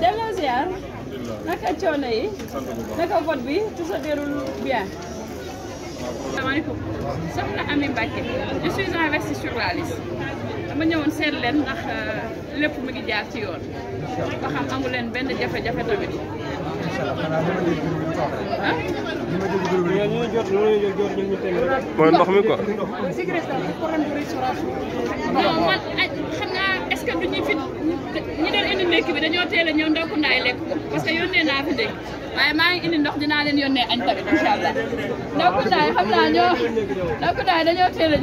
delloo ziar naka coono yi naka vote bi tout se déroule bien salaamaaleykum soxna Ami Mbacke je suis investie sur la liste dama ñëwoon seet leen ndax euh, lépp mu ngi jaar ci yoon ba xam amu leen benn jafe-jafe tamit mooy ndox mi quoi non man xam naa askan bi ñuy fit ñi bi dañoo teel a ñëw ndokku lekk parce que yónnee naa fi ndékki waaye maa ngi indi ndox dinaa leen yónnee añ tamit incha allah ndokku xam naa ñoo ndokku ndaay dañoo teel a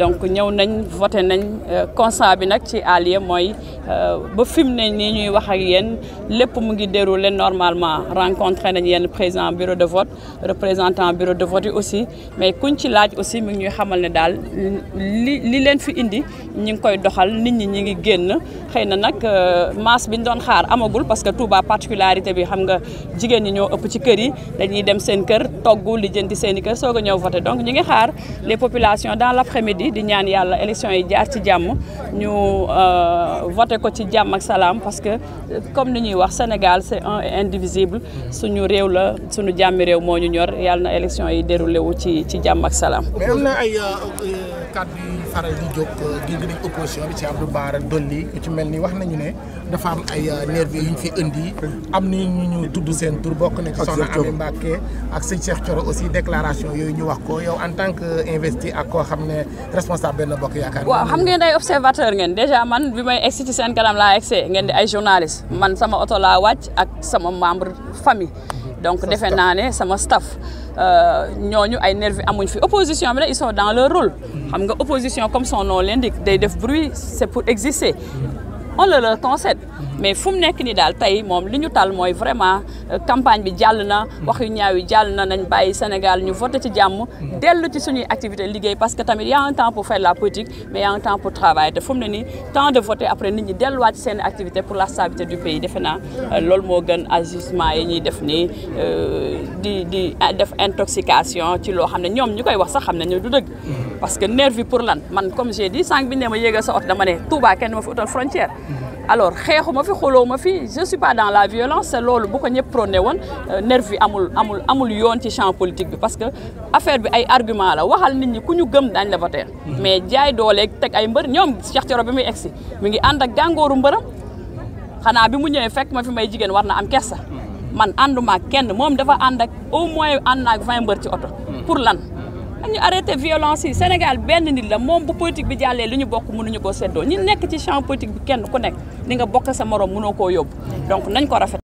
donc ñëw nañ voté nañ euh, constat bi nag ci alie mooy euh, ba fim ne nii ñuy wax ak yen lépp mu ngi déroulé normalement rencontré nañ yenn président bureau de vote représentant bureau de vote yi aussi mais kuñ ci laaj aussi mi ngi ñuy xamal ne daal li li leen fi indi ñu ngi koy doxal nit ñi ñu ngi génn xëy na nag euh, masse bi ñu doon xaar amagul parce que Touba particularité bi xam nga jigéen ñi ñoo ëpp ci kër yi dañuy dem seen kër togg lijjanti seen i kër soog a ñëw voté donc bi di ñaan yàlla élection yi jaar ci jàmm ñu euh, voté ko ci jàmm ak salaam parce que comme ni ñuy wax Sénégal c'est un indivisible suñu réew la suñu jàmmi réew moo ñu ñor yàlla na élection yi déroulé wu ci ci jàmm ak salaam. mais am na ay euh, euh, kàddu yu faral di jóg dégg nañ bi ci mel ni wax nañu ne dafa am ay nervis yu ñu fi indi am na ñu ñu tudd seen tur bokk na ci Soxna Amy Mbacké ak sëñ Cheikh Thioro aussi déclaration yooyu ñu wax ko yow en tant que investi ak koo xam ne. responsable benn waaw xam ngeen ay observateur ngeen déjà man bi may egsi ci seen kanam laa egsee ngeen di ay journaliste man sama oto laa wàcc ak sama membre famille. Mhm. donc defe naa ne sama staff euh, ñooñu ay nervi amuñ fi opposition bi nag ils sont dans le rôle mhm. xam nga opposition comme son leen l'indique day def bruit c'est pour exister mhm. on le leur concède mais fu mu nekk nii daal tey moom li ñu tal mooy vraiment euh, campagne bi jàll na wax yu ñaaw yi jàll na nañ bàyyi Sénégal ñu voté ci jàmm dellu ci suñuy activité liggéey parce que tamit y a un temps pour faire la politique mais y a un temps pour travailler te fu mu ne nii temps de voter après nit ñi delluwaat ci seen activité pour la stabilité du pays defe naa euh, loolu moo gën agissement yi ñuy def nii euh, di di ah, def intoxication ci loo xam ne ñoom ñu koy wax sax xam ne ñu du dëgg parce que nervi pour lan man comme j'ai dit sànq bi ne ma yéegal sa oto dama ne Touba kenn ma fi utal frontière mhm. alors xeexu ma fi xuloo ma fi je suis pas dans la violence te loolu bu ko ñëpp prôné euh, yoon ci champ politique bi parce que affaire bi ay argument la waxal nit ñi ku ñu gëm daañ la voter mhm. mais jaay dooleeg teg ay mbër ñoom Cheikh Thioro bi muy egsi mi ngi ànd ak gàngooru mbëram xanaa bi mu ñëwee fekk ma fi may jigéen war na am kersa mhm. man ànduma kenn moom dafa ànd ak au moins ànd na ak vingt mbër ci oto pour lan dañu arrêté violence yi Sénégal benn ni la moom bu politique bi jàllee li ñu bokk mënuñu ko seddoo ñi nekk ci champ politique bi kenn ku nekk ni nga bokk sa morom mënoo ko yóbbu donc nañ ko rafet